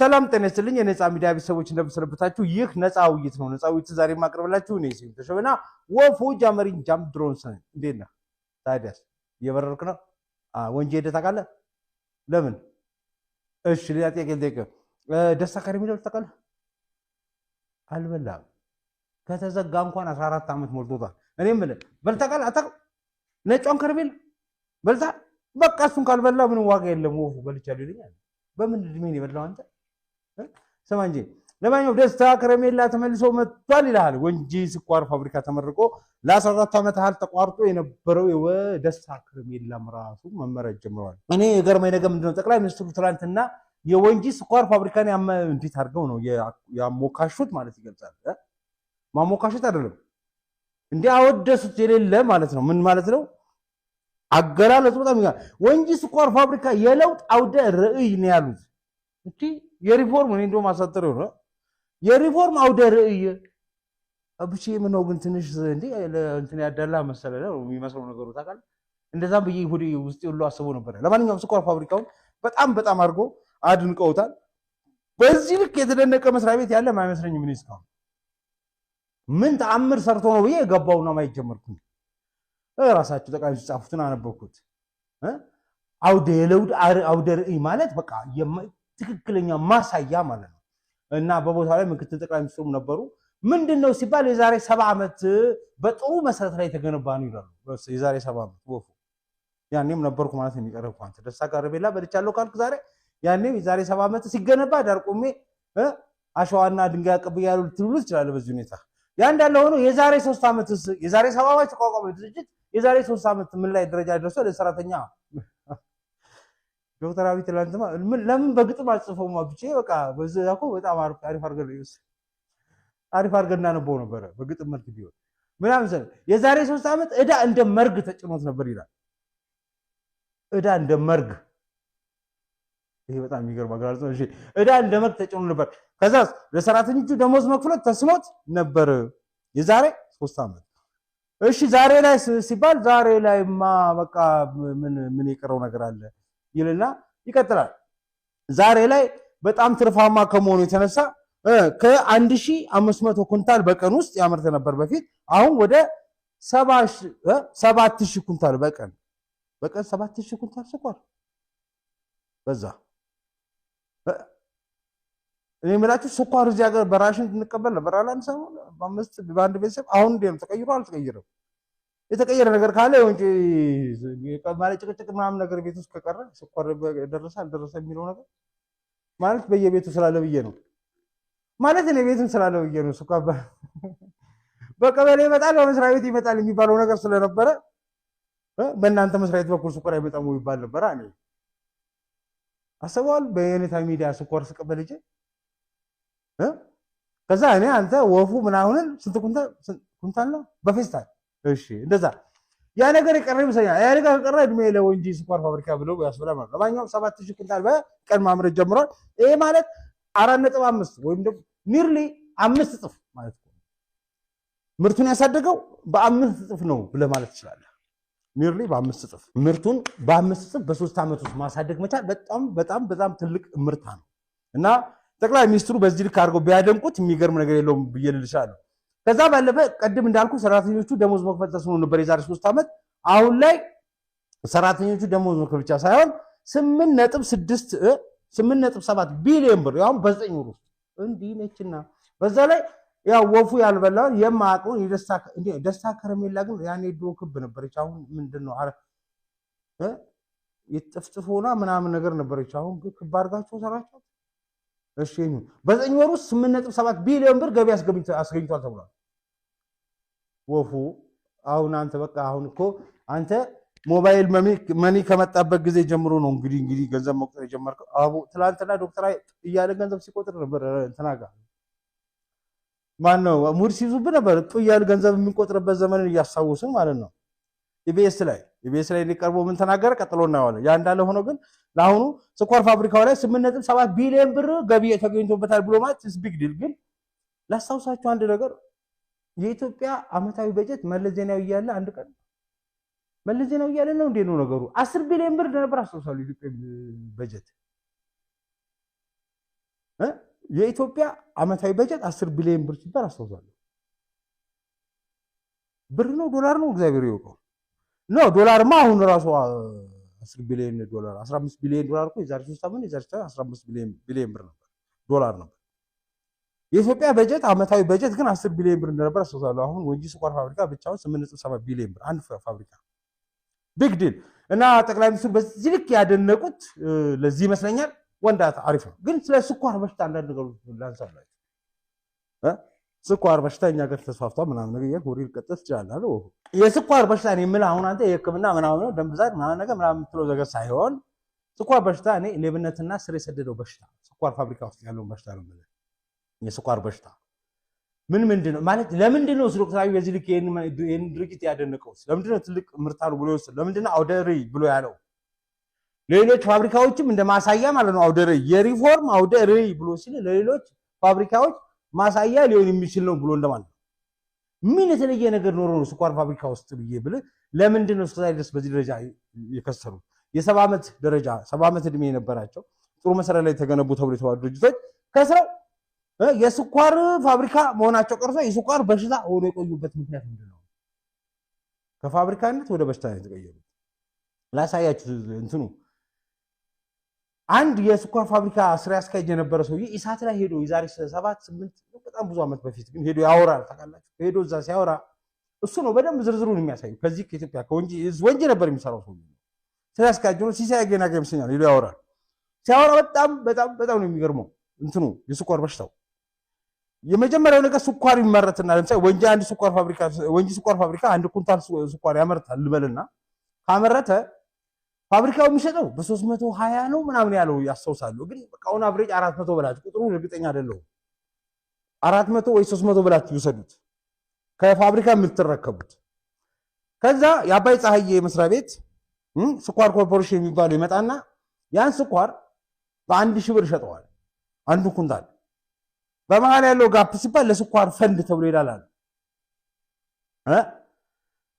ሰላም ጤና ይስጥልኝ። የነፃ ሚዲያ ቤተሰቦች እንደምሰነበታችሁ። ይህ ነፃ ውይይት ነው። ነፃ ውይይት ዛሬ የማቀርብላችሁ እኔ ስም ተሸበና ወፎ ጃመሪን ጃም ድሮንሰን። እንዴት ነህ ታዲያስ? እየበረርክ ነው? ወንጂ ሄደህ ታውቃለህ? ለምን? እሺ፣ ሌላ ጥያቄ ልጠይቅህ። ደስታ ከረሜላ ታውቃለህ? አልበላም። ከተዘጋ እንኳን አስራ አራት ዓመት ሞልቶታል። እኔ የምልህ በልተህ ታውቃለህ? አታውቅም? ነጯን ከረሜላ በልተህ በቃ እሱን ካልበላ ምንም ዋጋ የለም። ወፉ በልቻለሁ ይለኛል። በምን እድሜ ነው የበላው አንተ? ስማ እንጂ ለማንኛውም ደስታ ከረሜላ ተመልሶ መጥቷል ይላል ወንጂ ስኳር ፋብሪካ ተመርቆ ለ14 ዓመት ያህል ተቋርጦ የነበረው የደስታ ከረሜላም ራሱ መመረት ጀምረዋል። እኔ የገረመኝ ነገር ምንድነው? ጠቅላይ ሚኒስትሩ ትላንትና የወንጂ ስኳር ፋብሪካን እንዴት አድርገው ነው ያሞካሹት ማለት ይገልጻል። ማሞካሹት አይደለም እንዲህ አወደሱት የሌለ ማለት ነው። ምን ማለት ነው? አገላለጹ በጣም ወንጂ ስኳር ፋብሪካ የለውጥ አውደ ርዕይ ነው ያሉት እቲ የሪፎርም እኔ እንደውም አሳጥር ሆነ የሪፎርም አውደ ርዕይ ብቻዬን ነው ግን ትንሽ እንዲ እንትን ያዳላ መሰለ የሚመስለው ነገሩ ታውቃለህ። እንደዛም ብዬ ሆዴ ውስጥ ሁሉ አስቦ ነበረ። ለማንኛውም ስኳር ፋብሪካውን በጣም በጣም አድርጎ አድንቀውታል። በዚህ ልክ የተደነቀ መስሪያ ቤት ያለ አይመስለኝም። እኔ እስካሁን ምን ተአምር ሰርቶ ነው ብዬ የገባውና ማየት ጀመርኩኝ። ራሳቸው ጠቅላይ ሚኒስትር ጻፉትን አነበብኩት። አውደ የለውጥ አውደ ርዕይ ማለት በቃ ትክክለኛ ማሳያ ማለት ነው እና በቦታው ላይ ምክትል ጠቅላይ ሚኒስትሩም ነበሩ። ምንድን ነው ሲባል የዛሬ ሰባ ዓመት በጥሩ መሰረት ላይ የተገነባ ነው ይላሉ። የዛሬ ሰባ ዓመት ወፉ ያኔም ነበርኩ ማለት ነው። የሚቀረብ ኳንት ደስታ ቀረቤላ በልቻለሁ ካልክ ዛሬ ያኔም የዛሬ ሰባ ዓመት ሲገነባ ዳር ቆሜ አሸዋና ድንጋይ አቀብያ ያሉ ልትሉ ትችላለህ። በዚህ ሁኔታ ያ እንዳለ ሆኖ የዛሬ ሶስት ዓመት የዛሬ ሰባ ዓመት ተቋቋመ ድርጅት የዛሬ ሶስት ዓመት ምን ላይ ደረጃ ደርሷል? ለሰራተኛ ዶክተር አብይ ትላንትማ ለምን በግጥም አጽፈውማ ብቻ በቃ በዛ እኮ በጣም አሪፍ አርገን አሪፍ አርገን እናነበው ነበረ በግጥም መልክ ቢሆን ምናምን ሰ የዛሬ ሶስት ዓመት እዳ እንደ መርግ ተጭኖት ነበር ይላል። እዳ እንደ መርግ ይሄ በጣም የሚገርም አገላለጽ ነው። እዳ እንደ መርግ ተጭኖ ነበር። ከዛ ለሰራተኞቹ ደሞዝ መክፈል ተስሞት ነበር የዛሬ ሶስት ዓመት። እሺ ዛሬ ላይ ሲባል ዛሬ ላይማ በቃ ምን ምን የቀረው ነገር አለ? ይልና ይቀጥላል። ዛሬ ላይ በጣም ትርፋማ ከመሆኑ የተነሳ ከ1500 ኩንታል በቀን ውስጥ ያመርተ ነበር በፊት። አሁን ወደ 7000 ኩንታል በቀን በቀን 7000 ኩንታል ስኳር በዛ። እኔ የምላችሁ ስኳር እዚህ ሀገር በራሽን እንቀበል ነበር አላንሳም፣ በአምስት በአንድ ቤተሰብ። አሁን ተቀይሮ አልተቀይረም የተቀየረ ነገር ካለ እንጂ ማለት ጭቅጭቅ ምናምን ነገር ቤት ውስጥ ከቀረ ስኳር ደረሰ አልደረሰ የሚለው ነገር ማለት በየቤቱ ስላለ ብዬ ነው። ማለት እኔ ቤትም ስላለ ብዬ ነው። ስኳር በቀበሌ ይመጣል በመስሪያ ቤት ይመጣል የሚባለው ነገር ስለነበረ በእናንተ መስሪያ ቤት በኩል ስኳር አይመጣም ይባል ነበረ። እኔ አስበዋል። በየኔታ ሚዲያ ስኳር ስቀበል እጄ ከዛ እኔ አንተ ወፉ ምናምን ስንት ኩንታል ነው በፌስታል እሺ እንደዛ ያ ነገር የቀረ ይመስለኛል። ያ ነገር ከቀረ እድሜ እንጂ ስኳር ፋብሪካ ብሎ ያስብላል ማለት ነው። ለማንኛውም ሰባት ሺህ ኩንታል በቀን ማምረት ጀምሯል። ይሄ ማለት አራት ነጥብ አምስት ወይም ደግሞ ኒርሊ አምስት እጥፍ ማለት ነው። ምርቱን ያሳደገው በአምስት እጥፍ ነው ብለህ ማለት ትችላለህ። ኒርሊ በአምስት እጥፍ ምርቱን በአምስት እጥፍ በሶስት ዓመት ውስጥ ማሳደግ መቻል በጣም በጣም በጣም ትልቅ ምርታ ነው እና ጠቅላይ ሚኒስትሩ በዚህ ልክ አድርገው ቢያደንቁት የሚገርም ነገር የለውም ብዬ ልልሻለሁ። ከዛ ባለፈ ቀድም እንዳልኩ ሰራተኞቹ ደሞዝ መክፈል ተስኖ ነበር የዛሬ ሶስት ዓመት። አሁን ላይ ሰራተኞቹ ደሞዝ መክፈል ብቻ ሳይሆን ስምንት ነጥብ ስድስት ስምንት ነጥብ ሰባት ቢሊዮን ብር ያሁን በዘጠኝ ወር ውስጥ እንዲህ ነችና በዛ ላይ ያው ወፉ ያልበላውን የማያውቀውን ደስታ ከረሜላ ግን ያኔ ድሮ ክብ ነበረች። አሁን ምንድን ነው የጥፍጥፍ ሆና ምናምን ነገር ነበረች። አሁን ክብ አድርጋቸው ሰራቸው። እሺ ይሁን። በዘጠኝ ወር ውስጥ 8.7 ቢሊዮን ብር ገቢ አስገኝቷል ተብሏል። ወፉ አሁን አንተ በቃ አሁን እኮ አንተ ሞባይል መኒ ከመጣበት ጊዜ ጀምሮ ነው እንግዲህ እንግዲህ ገንዘብ መቁጠር የጀመርከው። አቡ ትላንትና ዶክተር እያለ ገንዘብ ሲቆጥር ነበር። ተናጋ ማን ነው ሙድ ሲይዙብህ ነበር እያሉ ገንዘብ የሚቆጥርበት ዘመንን እያስታወስን ማለት ነው። ኢቢኤስ ላይ ኢቢኤስ ላይ እንዲቀርቡ ምን ተናገረ? ቀጥሎ እናየዋለን። ያ እንዳለ ሆኖ ግን ለአሁኑ ስኳር ፋብሪካው ላይ ስምንት ነጥብ ሰባት ቢሊዮን ብር ገቢ ተገኝቶበታል ብሎ ማለት ቢግ ዲል። ግን ላስታውሳችሁ አንድ ነገር የኢትዮጵያ አመታዊ በጀት መለስ ዜናዊ እያለ አንድ ቀን መለስ ዜናዊ እያለ ነው እንዴ ነው ነገሩ አስር ቢሊዮን ብር እንደነበር አስታውሳሉ። የኢትዮጵያ በጀት የኢትዮጵያ አመታዊ በጀት አስር ቢሊዮን ብር ሲባል አስታውሳለሁ። ብር ነው ዶላር ነው እግዚአብሔር ይወቀው። ኖ ዶላርማ አሁን ራሱ አስር ቢሊዮን ዶላር አስራ አምስት ቢሊዮን ዶላር እኮ የዛሬ ሶስት ዓመት የዛሬ አስራ አምስት ቢሊዮን ብር ነበር ዶላር ነበር። የኢትዮጵያ በጀት አመታዊ በጀት ግን አስር ቢሊዮን ብር እንደነበር አስታውሳለሁ። አሁን ወንጂ ስኳር ፋብሪካ ብቻውን ስምንት ነጥብ ሰባት ቢሊዮን ብር አንድ ፋብሪካ ቢግ ዲል እና ጠቅላይ ሚኒስትሩ በዚህ ልክ ያደነቁት ለዚህ ይመስለኛል። ወንዳት አሪፍ ነው። ግን ስለ ስኳር በሽታ አንዳንድ ነገሮች ላንሳላቸው ስኳር በሽታ እኛ ጋር ተስፋፍቷል ምናምን ነገር እያልክ ወሬ ልቀጥል ትችላለህ። የስኳር በሽታ እኔ የምልህ አሁን አንተ የህክምና ምናምን ደም ብዛት ምናምን ነገር ምናምን የምትለው ነገር ሳይሆን ስኳር በሽታ እኔ ሌብነትና ስር የሰደደው በሽታ ስኳር ፋብሪካ ውስጥ ያለውን በሽታ ነው የምልህ። የስኳር በሽታ ምን ምንድን ነው ማለት ለምንድን ነው ዶክተር አብይ በዚህ ልክ ይህን ድርጊት ያደነቀው? ለምንድን ነው ትልቅ ምርታ ነው ብሎ ይወስድ? ለምንድን ነው አውደሪ ብሎ ያለው? ለሌሎች ፋብሪካዎችም እንደ ማሳያ ማለት ነው አውደሪ የሪፎርም አውደሪ ብሎ ሲል ለሌሎች ፋብሪካዎች ማሳያ ሊሆን የሚችል ነው ብሎ እንደማለት ምን የተለየ ነገር ኖሮ ነው ስኳር ፋብሪካ ውስጥ ብዬ ብል ለምንድን ነው እስከዛሬ ድረስ በዚህ ደረጃ የከሰሩት? የሰባ ዓመት ደረጃ ሰባ ዓመት እድሜ የነበራቸው ጥሩ መሰረት ላይ ተገነቡ ተብሎ የተባሉ ድርጅቶች ከስረው የስኳር ፋብሪካ መሆናቸው ቀርሶ የስኳር በሽታ ሆኖ የቆዩበት ምክንያት ምንድን ነው? ከፋብሪካነት ወደ በሽታ የተቀየሩት ላሳያችሁ እንትኑ አንድ የስኳር ፋብሪካ ስራ አስኪያጅ የነበረ ሰውዬ ኢሳት ላይ ሄዶ የዛሬ ሰባት ስምንት በጣም ብዙ ዓመት በፊት ግን ሄዶ ያወራል። ታውቃላችሁ፣ ሄዶ እዛ ሲያወራ እሱ ነው በደንብ ዝርዝሩን የሚያሳዩ ከዚህ ከኢትዮጵያ ወንጂ ነበር የሚሰራው ሰው ስራ አስኪያጅ ነው። ሲሳይ ገና ይመስለኛል ሄዶ ያወራል። ሲያወራ በጣም በጣም በጣም ነው የሚገርመው። እንትኑ የስኳር በሽታው የመጀመሪያው ነገር ስኳር ይመረትና ለምሳሌ ወንጂ አንድ ስኳር ፋብሪካ ወንጂ ስኳር ፋብሪካ አንድ ኩንታል ስኳር ያመርታል ልበልና ካመረተ ፋብሪካው የሚሸጠው በ320 ነው ምናምን ያለው ያስታውሳለሁ። ግን በቃውን አብሬጅ 400 ብላችሁ ቁጥሩ እርግጠኛ አይደለሁም። 400 ወይ 300 ብላችሁ ይውሰዱት ከፋብሪካ የምትረከቡት። ከዛ የአባይ ፀሐዬ መስሪያ ቤት ስኳር ኮርፖሬሽን የሚባለው ይመጣና ያን ስኳር በአንድ ሺህ ብር ይሸጠዋል አንዱ ኩንታል። በመሀል ያለው ጋፕ ሲባል ለስኳር ፈንድ ተብሎ ይላላል።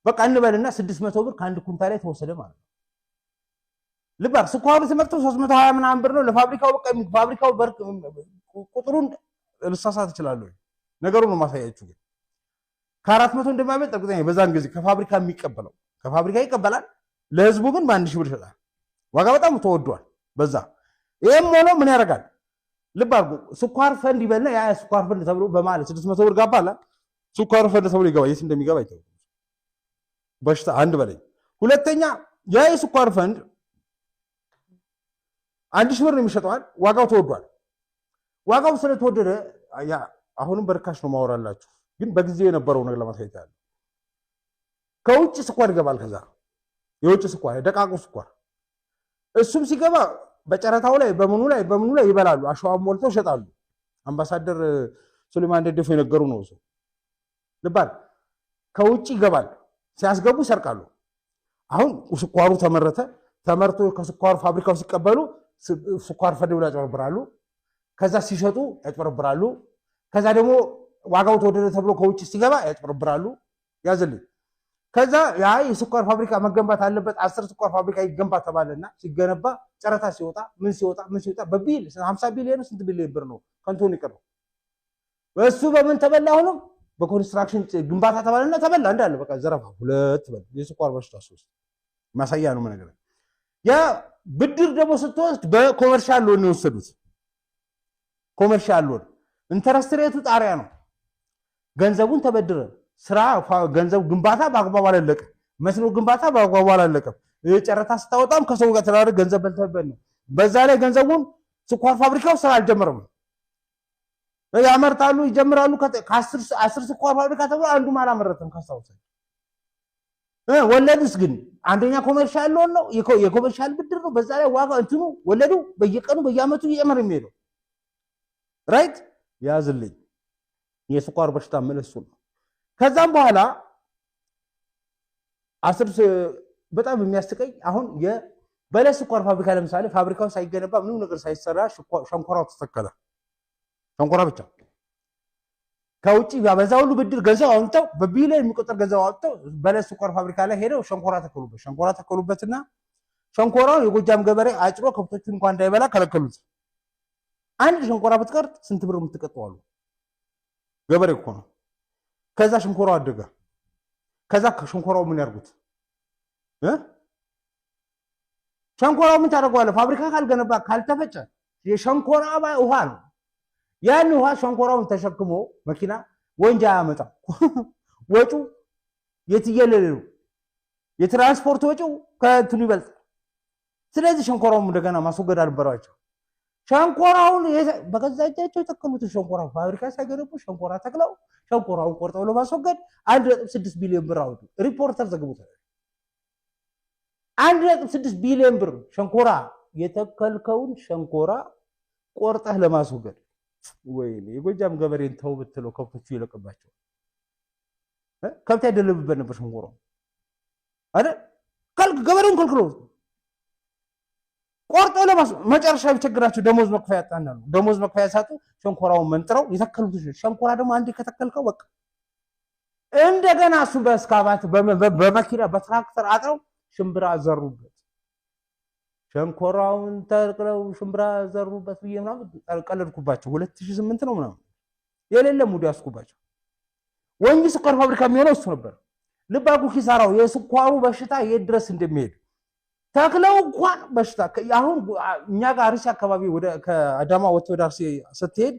በቃ እንበልና 600 ብር ከአንድ ኩንታል ላይ ተወሰደ ማለት ነው። ልባብ ስኳሩ ሲመርጠው 320 ምናምን ብር ነው ለፋብሪካው በቃ ፋብሪካው ቁጥሩን ልሳሳት እችላለሁ። ነገሩ ነው ማሳያችሁ። ግን ከአራት መቶ እንደማይበልጥ እርግጠኛ በዛን ጊዜ ከፋብሪካ የሚቀበለው ከፋብሪካ ይቀበላል። ለህዝቡ ግን በአንድ ሺህ ብር ይሸጣል። ዋጋ በጣም ተወዷል። በዛ ይህም ሆኖ ምን ያደርጋል? ልብ አድርጎ ስኳር ፈንድ ይበልና ያ ስኳር ፈንድ ተብሎ በማለት ስድስት መቶ ብር ጋባላ ስኳር ፈንድ ተብሎ ይገባ። የት እንደሚገባ ይታወቅ በሽታ አንድ በለኝ ሁለተኛ ያ የስኳር ፈንድ አንድ ሺህ ብር ነው የሚሸጠዋል። ዋጋው ተወዷል። ዋጋው ስለተወደደ ያ አሁንም በርካሽ ነው ማወራላችሁ፣ ግን በጊዜው የነበረው ነገር ለማሳየት ያለ ከውጭ ስኳር ይገባል። ከዛ የውጭ ስኳር የደቃቁ ስኳር እሱም ሲገባ በጨረታው ላይ በምኑ ላይ በምኑ ላይ ይበላሉ። አሸዋም ሞልተው ይሸጣሉ። አምባሳደር ሱሌማን ደደፎ የነገሩ ነው። ሰው ልባል ከውጭ ይገባል፣ ሲያስገቡ ይሰርቃሉ። አሁን ስኳሩ ተመረተ። ተመርቶ ከስኳሩ ፋብሪካው ሲቀበሉ ስኳር ፈደው ያጭበረብራሉ። ከዛ ሲሸጡ ያጭበረብራሉ። ከዛ ደግሞ ዋጋው ተወደደ ተብሎ ከውጭ ሲገባ ያጭበረብራሉ። ያዝልኝ። ከዛ ያ የስኳር ፋብሪካ መገንባት አለበት አስር ስኳር ፋብሪካ ይገንባ ተባለና ሲገነባ ጨረታ ሲወጣ ምን ሲወጣ ምን ሲወጣ በቢል ሀምሳ ቢሊዮን ስንት ቢሊዮን ብር ነው ከንቱን ይቅር ነው። በእሱ በምን ተበላ? አሁንም በኮንስትራክሽን ግንባታ ተባለና ተበላ እንዳለ በቃ ዘረፋ ሁለት የስኳር በሽታ ሶስት ማሳያ ነው መነገር ያ ብድር ደግሞ ስትወስድ በኮመርሻል ሎን የወሰዱት። ኮመርሻል ሎን ኢንተረስት ሬቱ ጣሪያ ነው። ገንዘቡን ተበድረ ስራ ገንዘብ ግንባታ በአግባቡ አላለቀ መስኖ ግንባታ በአግባቡ አላለቀም። ጨረታ ስታወጣም ከሰው ጋር ተደራድረህ ገንዘብ በልተህበት ነው። በዛ ላይ ገንዘቡን ስኳር ፋብሪካው ስራ አልጀመረም። ያመርታሉ፣ ይጀምራሉ። ከአስር ስኳር ፋብሪካ ተብሎ አንዱም አላመረተም ካስታውሳል ወለድስ ግን አንደኛ ኮመርሻል ሎን ነው፣ የኮመርሻል ብድር ነው። በዛ ላይ ዋጋ እንትኑ ወለዱ በየቀኑ በየአመቱ እየጨመረ የሚሄደው ራይት ያዝልኝ። የስኳር በሽታ መለሱ ነው። ከዛም በኋላ አስር በጣም የሚያስቀኝ አሁን የበለስ ስኳር ፋብሪካ ለምሳሌ ፋብሪካው ሳይገነባ ምንም ነገር ሳይሰራ ሸንኮራው ተተከለ። ሸንኮራ ብቻ ከውጭ በዛ ሁሉ ብድር ገንዘብ አውጥተው በቢሊዮን የሚቆጠር ገንዘብ አውጥተው በለስ ስኳር ፋብሪካ ላይ ሄደው ሸንኮራ ተከሉበት። ሸንኮራ ተከሉበትና ሸንኮራውን የጎጃም ገበሬ አጭሮ ከብቶቹ እንኳን እንዳይበላ ከለከሉት። አንድ ሸንኮራ ብትቀርጥ ስንት ብር የምትቀጥዋሉ? ገበሬ እኮ ነው። ከዛ ሸንኮራው አደገ። ከዛ ሸንኮራው ምን ያርጉት? ሸንኮራው ምን ታደርገዋለህ? ፋብሪካ ካልገነባ ካልተፈጨ የሸንኮራ ውሃ ነው። ያን ውሃ ሸንኮራውን ተሸክሞ መኪና ወንጂ አያመጣም። ወጪው የትየለሌ ነው። የትራንስፖርት ወጪው ከእንትኑ ይበልጣል። ስለዚህ ሸንኮራውን እንደገና ማስወገድ አልበራቸው። ሸንኮራውን በገዛ እጃቸው የተከሉትን ሸንኮራ ፋብሪካ ሲያገነቡ ሸንኮራ ተክለው ሸንኮራውን ቆርጠው ለማስወገድ አንድ ነጥብ ስድስት ቢሊዮን ብር አወጡ። ሪፖርተር ዘግቦታል። አንድ ነጥብ ስድስት ቢሊዮን ብር ሸንኮራ የተከልከውን ሸንኮራ ቆርጠህ ለማስወገድ ወይኔ የጎጃም ገበሬን ተው ብትለው ከብቶቹ ይለቅባቸው ከብት ያደለብበት ነበር ሽንኮሮ አይደል? ገበሬውን ከልክሎ ቆርጦ ለማስ መጨረሻ ቢቸግራቸው ደሞዝ መክፈያ ያጣና ደሞዝ መክፈያ ሳጡ ሸንኮራውን መንጥረው የተከሉት። ሸንኮራ ደግሞ አንዴ ከተከልከው በቃ እንደገና እሱ በእስካባት በመኪና በትራክተር አጥረው ሽምብራ ዘሩበት። ሸንኮራውን ተቅለው ሽምብራ ዘሩበት ብዬ ምናምን ቀለድኩባቸው። ሁለት ሺህ ስምንት ነው ምናምን የሌለ ሙዲ ያስኩባቸው። ወንጂ ስኳር ፋብሪካ የሚሆነው እሱ ነበር። ልባጉ ኪሳራው የስኳሩ በሽታ የት ድረስ እንደሚሄድ ተክለው እንኳን በሽታ አሁን እኛ ጋር አርሲ አካባቢ ከአዳማ ወጥ ወደ አርሲ ስትሄድ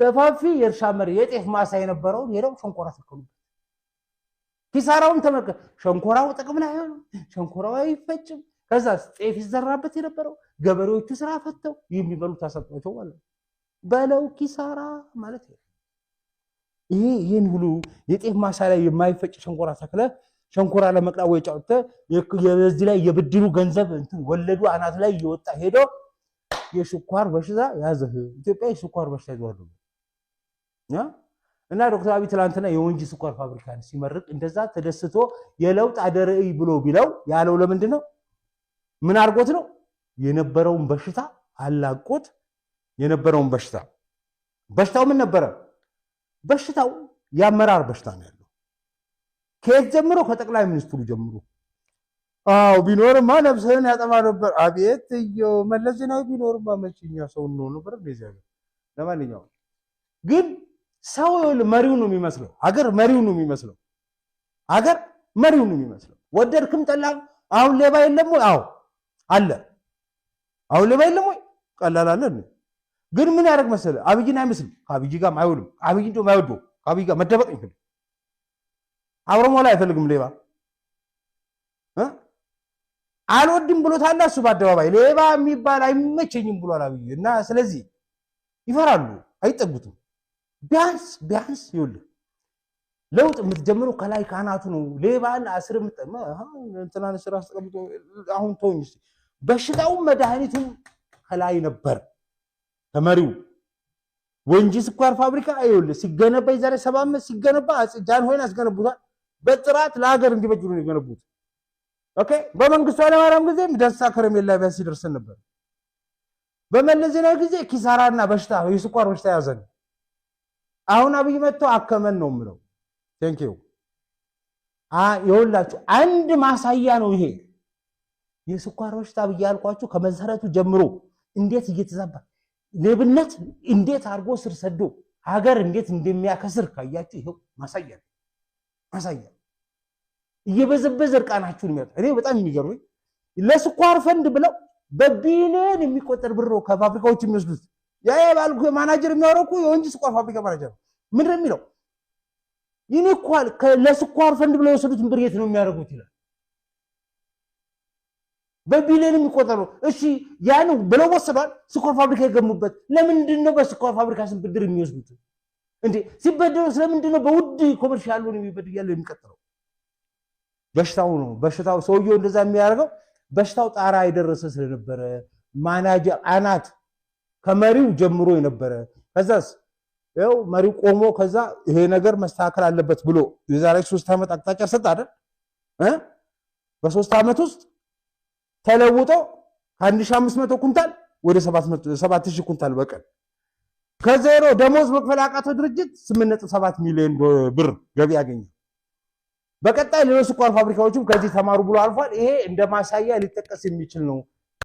ሰፋፊ የእርሻ መሬ የጤፍ ማሳ የነበረውን ሄደው ሸንኮራ ተከሉበት። ኪሳራውን ተመልከ ሸንኮራው ጥቅም ላይ አይሆንም። ሸንኮራው አይፈጭም። ከዛ ጤፍ ይዘራበት የነበረው ገበሬዎቹ ስራ ፈተው የሚበሉ አሳጧቸው ማለት ነው። በለው ኪሳራ ማለት ነው። ይሄ ይህን ሁሉ የጤፍ ማሳ ላይ የማይፈጭ ሸንኮራ ተክለ ሸንኮራ ለመቅላ ወይ ጫውተ የዚህ ላይ የብድሩ ገንዘብ እንትን ወለዱ አናት ላይ እየወጣ ሄዶ የስኳር በሽታ ያዘህ። ኢትዮጵያ የስኳር በሽታ ይዟል እና ዶክተር አብይ ትላንትና የወንጂ ስኳር ፋብሪካን ሲመርቅ እንደዛ ተደስቶ የለውጥ አደረእይ ብሎ ቢለው ያለው ለምንድን ነው? ምን አድርጎት ነው የነበረውን በሽታ አላቆት። የነበረውን በሽታ በሽታው ምን ነበረ? በሽታው የአመራር በሽታ ነው ያለው። ከየት ጀምሮ? ከጠቅላይ ሚኒስትሩ ጀምሮ። አዎ ቢኖርማ ነብስህን ያጠፋ ነበር። አቤት እየው መለስ ዜናዊ ቢኖርማ መቼኛ ሰው እንሆን ነበር። እንደዚህ ለማንኛውም ግን ሰው መሪው ነው የሚመስለው። አገር መሪው ነው የሚመስለው። ሀገር መሪው ነው የሚመስለው። ወደድክም ጠላም። አሁን ሌባ የለም አዎ አለ። አሁን ሌባ የለም ወይ ቀላል አለ። ግን ምን ያደርግ መሰለ አብይን አይመስልም። ከአብይ ጋር አይውልም። አብይ እንደውም አይወደው። ከአብይ ጋር መደበቅ ይፈልግ አብሮ ሞላ አይፈልግም። ሌባ አልወድም ብሎታል። እሱ በአደባባይ ሌባ የሚባል አይመቸኝም ብሏል አብይ እና ስለዚህ ይፈራሉ፣ አይጠጉትም ቢያንስ ቢያንስ ይውልህ ለውጥ የምትጀምሩ ከላይ ካህናቱ ነው። ሌባን አስር እንትናን ስራ አስቀምጦ አሁን ተወኝ። በሽታውም መድኃኒቱም ከላይ ነበር ተመሪው ወንጂ ስኳር ፋብሪካ ይኸውልህ ሲገነባ የዛሬ ሰባ ዓመት ሲገነባ ጃንሆይን አስገነቡታል። በጥራት ለሀገር እንዲበጅ ነው የገነቡት። ኦኬ በመንግስቱ ኃይለማርያም ጊዜ ደሳ ከረሜላ ቢያንስ ይደርሰን ነበር። በመለስ ዜናዊ ጊዜ ኪሳራና በሽታ የስኳር በሽታ ያዘን። አሁን አብይ መጥቶ አከመን ነው የምለው ቴንኪው የሁላችሁ አንድ ማሳያ ነው ይሄ የስኳር በሽታ ብያልኳችሁ ከመሰረቱ ጀምሮ እንዴት እየተዛባ ሌብነት እንዴት አድርጎ ስር ሰዶ ሀገር እንዴት እንደሚያከስር ካያችሁ ይሄው ማሳያ ነው። ማሳያ እየበዘበዘ እርቃናችሁን የሚያ እኔ በጣም የሚገርመኝ ለስኳር ፈንድ ብለው በቢሊዮን የሚቆጠር ብር ከፋብሪካዎች የሚወስዱት ያ ባልኩ ማናጀር የሚያወረኩ የወንጂ ስኳር ፋብሪካ ማናጀር ምንድን ነው የሚለው ይኔ እኳል ለስኳር ፈንድ ብለው የወሰዱትን ብር የት ነው የሚያደርጉት ይላል። በቢሊዮን የሚቆጠሩ እሺ፣ ያን ብለው ወስዷል። ስኳር ፋብሪካ የገሙበት ለምንድን ነው? በስኳር ፋብሪካ ስም ብድር የሚወስዱት እንዴ? ሲበደሩ ስለምንድን ነው? በውድ ኮመርሻል ሆኖ የሚበድር ያለው የሚቀጥለው በሽታው ነው። በሽታው ሰውየው እንደዛ የሚያደርገው በሽታው ጣራ የደረሰ ስለነበረ ማናጀር አናት ከመሪው ጀምሮ የነበረ ከዛስ ያው መሪው ቆሞ ከዛ ይሄ ነገር መስተካከል አለበት ብሎ የዛሬ ሶስት ዓመት አቅጣጫ ሰጥ አይደል እ በሶስት ዓመት ውስጥ ተለውጦ ከ1500 ኩንታል ወደ 7000 ኩንታል በቀን ከዜሮ ደሞዝ መክፈል አቃተው ድርጅት 8.7 ሚሊዮን ብር ገቢ ያገኘ። በቀጣይ ሌሎች ስኳር ፋብሪካዎችም ከዚህ ተማሩ ብሎ አልፏል። ይሄ እንደ ማሳያ ሊጠቀስ የሚችል ነው።